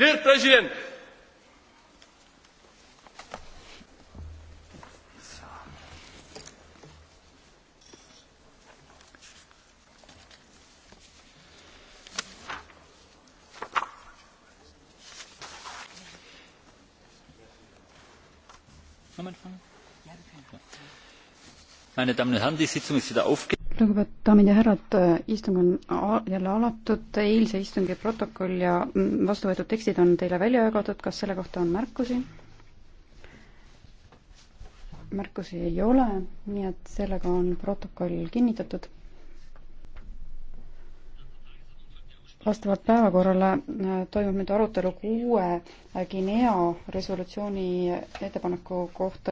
Dear President, meine damen und herren! die sitzung ist wieder aufgenommen lugupeetud daamid ja härrad, istung on jälle alatud, eilse istungi protokoll ja mm, vastu võetud tekstid on teile välja jagatud, kas selle kohta on märkusi? märkusi ei ole, nii et sellega on protokoll kinnitatud. vastavalt päevakorrale äh, toimub nüüd arutelu kuue Guinea resolutsiooni ettepaneku kohta.